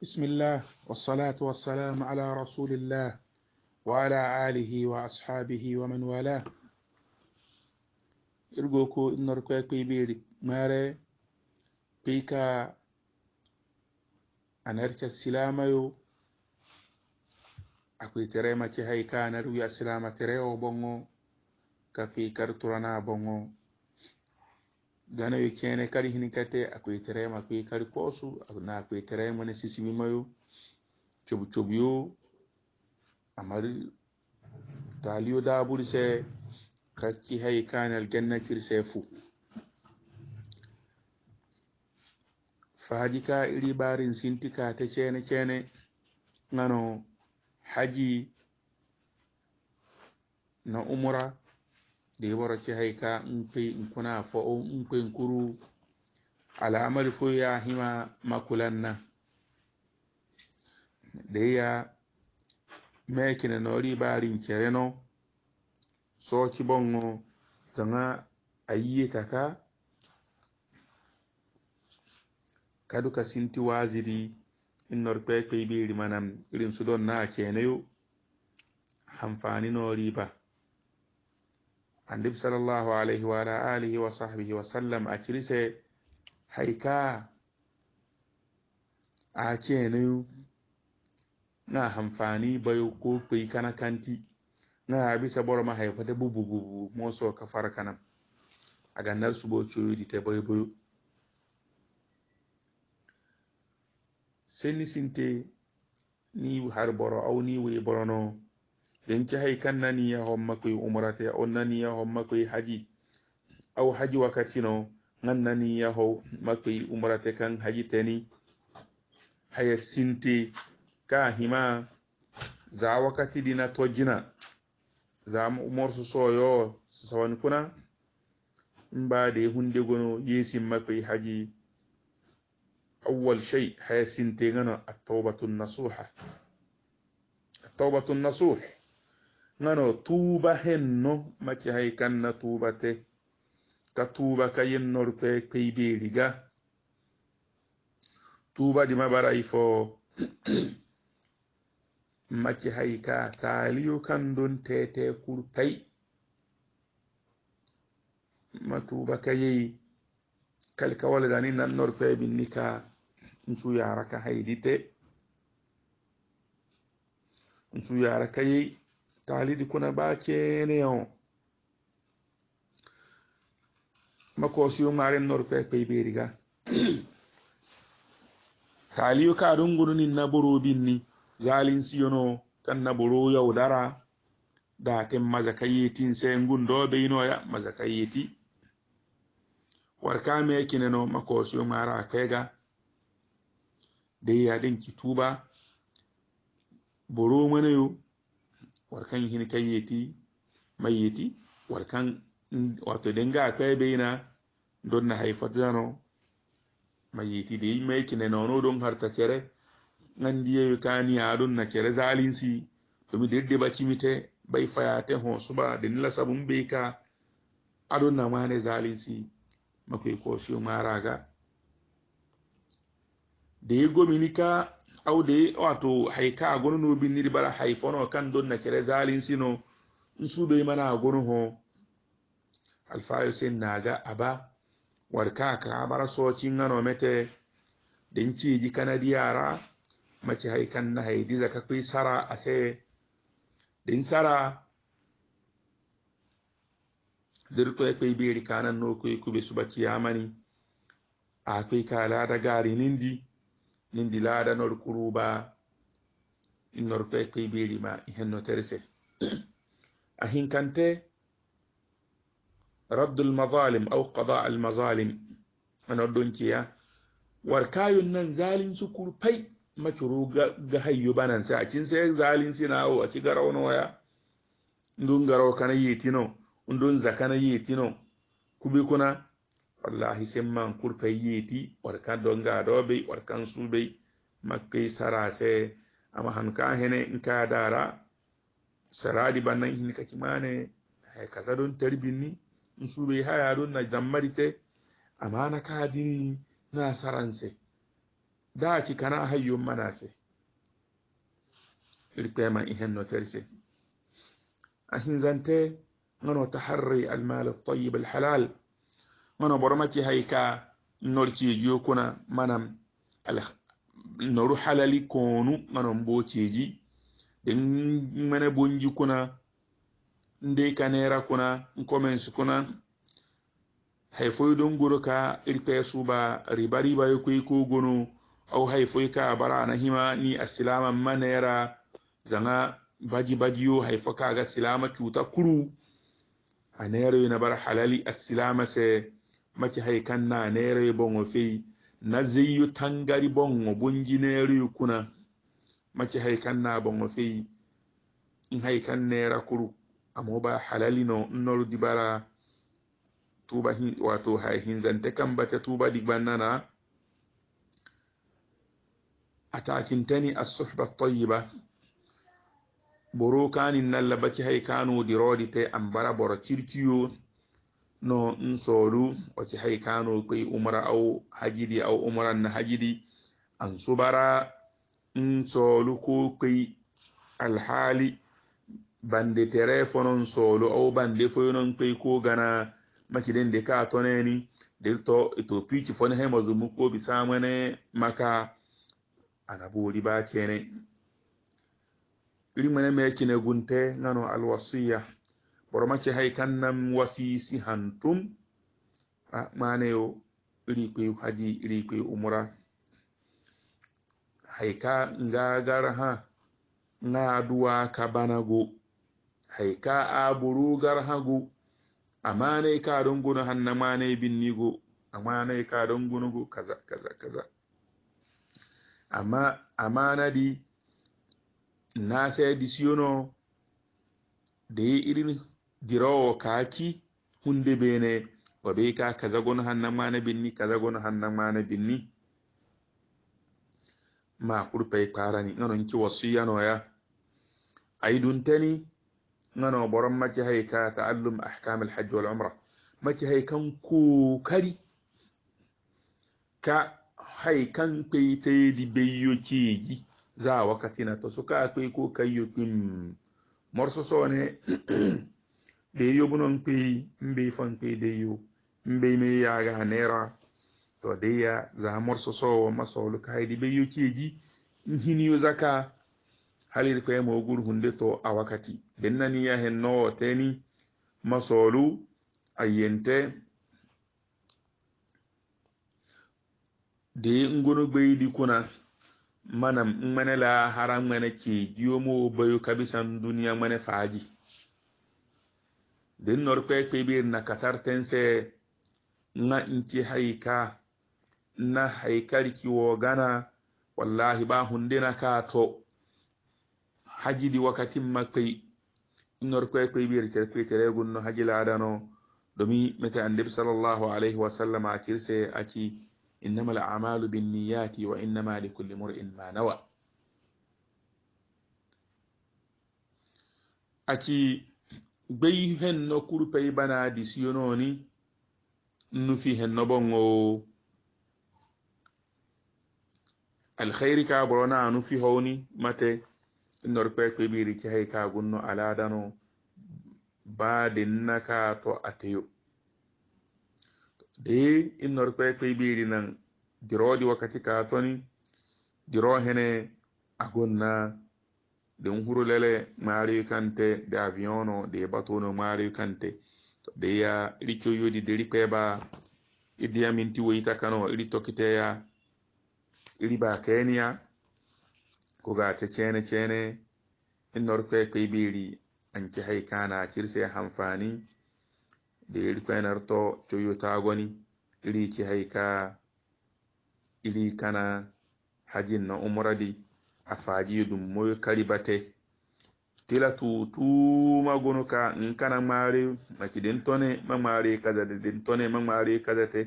بسم الله والصلاة والسلام على رسول الله وعلى آله وأصحابه ومن والاه إرجوكو إن ركوك بيبيري ماري بيكا أن أرجى السلامة أكو تريمة هاي كان أرجى السلامة تريو بونغو كفي كرتورنا بونغو gana yo kene kari hini kate akuitere makui kari kosu na akuitere mone sisi mimayo chobu chobu yo amari taliyo daburi burse kaki hay kan aljanna kirse fu fahaji ka iri barin sintika ta cene cene ngano haji na umura de wara ci haika in kuna fa'o in kwe kuru al'amari fo ya hima makulan na da ya meki na nori barin kereno so ci bongo zanga ayye taka kaduka sinti waziri in nori kwekwe biri manan irin su don na kenayo amfani nori ba annabi sallallahu alaihi wa ala alihi wa sahbihi wasallam akirise haika a kenu na hamfani bayo ko kai kana kanti na bisa boro ma haifa da bubu bubu moso ka fara kana a gannar su bo coyo di ta bayo bayo sai ni sinte ni har boro au ni we boro no ci hay kan naniya hommakoy umrate on naniya hommakoy haji aw haji wakkatino gan naniya ho makoy umrate kan haji teni haya sinti ka hima za wakati dina tojjina za morso soyo sawani kuna mbade hunde gono yesin makoy haji awwal shay haya sinte gano attawbatu nasuha attawbatu nasuh nano tuuba henno macci hay kanna tuubate ka tuuba ka yennorpe peyɓeeri ga tuubaɗi mabaray fo macci hay ka taaliyo kandon tete kur pay ma tuuba ka yeyi kali ka waledani nannorpeɓinni ka suyaraka haydite suyaraka yeyi Tali ba ke ne با که نیان makosiyo ngaren norpe pe beriga taliyo ka don gurunin na burobin ni zalin siyono kan na buro yaudara da kan mazakayyeti sai gun do bai no ya mazakayyeti warka me yake ne no makosiyo mara kai ga da ya din ki tuba buro mana yo war kan hin kan yeti mai yeti war kan wato den ga kai beina don na haifa dano mai yeti de mai kine no no don har ta kere nan diye kani ya don na kere zalin si to mi dedde baci mite bai fayate ho suba den la sabun be ka adon na mane zalin si makai ko shi maraga de gominika aude wato haika a gonu no bin niri bara haifono kan don na kere zalin sino su bai mana a gonu ho alfayo sai na ga aba warka ka bara socin ngano mete din ci ji kanadi yara mace haikan na haidi zaka kai sara a sai din sara dirko ya kai beri kanan no kube su baki yamani akwai kala da gari nindi nin di ladanor kuruba innor toye kiɓirima henno terse a hinkante raddu almazalim aw qada almazalim anor donciya war kayun nan zalin sukuru pai macuru ga hayyo banan a cin sai zalin sinawo a ci garau noya ndun garau kana yetino ndun zakana yetino kubi kuna wallahi semman kurpa yeti wata kan do ngaɗoɓey wata kan suɓey makkey sarase ama han ka hene nka dara saradi bannan hini kakimane hay kaza ɗon tarbinni n suɓey haya ɗon na zammarite amana kadini na saranse daci kana hayyon manase irkema ihenno terse ahinzante ngano taharri almal altayyib alhalal mano boromaci hay ka norceji e kuna manam noru halali konu manon boceji den mana bonji kuna nde ka nera kuna commens kuna hay foy don goro ka irpesu ba ribari ba yoko yi gono au hay foy ka bara na hima ni asilama manera zanga baji baji yo hay foka ga silama cuta kuru a nera yi na bara halali asilama sai maci hay kanna nerey boŋo fey na zeyu tangari boŋo bunji nerey kuna maci hay kanna boŋo fey in hay kan nera kuru amo ba halali no nolu dibara tuba hin wato hay hin zante kan bata tuba dibannana atakin tani as-suhba at-tayyiba boro kanin nalla baki hay kanu dirodi te ambara boro circiyo no mm-hmm. n soru wace haikano kai umara au hajidi au umaran na hajidi an subara n ko kai alhali bande terefonon solu au bande foyonon kai ko gana makiden de ka toneni delto ito pici fon hema zumu ko bisamane maka anabori ba cene limane me kine gunte ngano alwasiya boɗo macce hay kannam wasiisi han tum a maneyo rikoy haji rikoy umra hay ka ngagara ha ngaduwa ka banago hay ka aburugar hagu amanay ka ɗon guno hanna manay binnigo amanay ka ɗon gunugo kaza kaza kaza amma amanadi na sedisiyono da yi irin dirawo kaki hunde bene wa be ka kazagon hannan na binni kazagon hannan na binni ma kurfai kurpey wasu ya wasiyanoya ay tani ngano boran maki hay ka taallum ahkam alhajj wal umrah maki hay kan kari? ka hay kan bayyo ki za wakati na to suka akwai ko kayyukin morso sone de yo buno nkpi mbe ifo nkpi de yo mbe mai ya ga naira to dai ya za mor sowa so wani so da kai di be in hini yi yo zaka halir kwaye ma ogun hunde to awakati nan ya hen no teni masolu ayente de ngono gbe di kuna manam la haram mana ke diyo mu bayo kabisan duniya mana faji den norko e kwebir na katar tense nga inti haika na haikari kiwo gana wallahi ba hundina ka to hajidi wakati makwai norko e kwebir tere kwe tere gunno hajila adano domi mete andib sallallahu alaihi wa sallam a kirse aki innama al'amalu bin niyati wa innama li kulli mur'in ma nawa aki gbeyi hen no kurpey bana disiyo noni nnufi hen no boŋo alhayri ka borona nufi howni mate nor kwekweɓiri kehay kagunno aladano badinnaka to ateyo de in nor kwekweɓiri nan diroɗi wakkati ka toni diro hene agonna din hurulele mari kante de aviono de batono mari kante de ya rikyo yodi de ripeba idi ya minti woita kano iri tokite ya iri ba kenya ko ga ta cene cene in norkwe kai biri haikana kirse hamfani da iri kwenar to coyo tagoni iri ki haika iri kana hajin na umradi a faaji ɗum moy kalibate tila tutuma gono ka in kana mari maci den tone ma mari kaza de den tone ma mari kaza te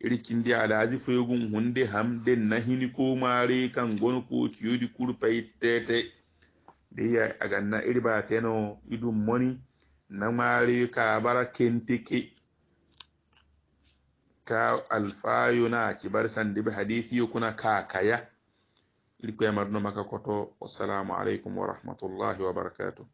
iri kindi alaji fuyugun hunde ham de nahini ko mari kan gono ko ciyudi kurpay tete de ya aganna iri ba teno idum moni na mari ka bara kentiki ka alfayuna ki bar sandi bi hadisi kuna ka kaya ili kuyamarno makakoto wassalamu alaikum warahmatullahi wabarakatuh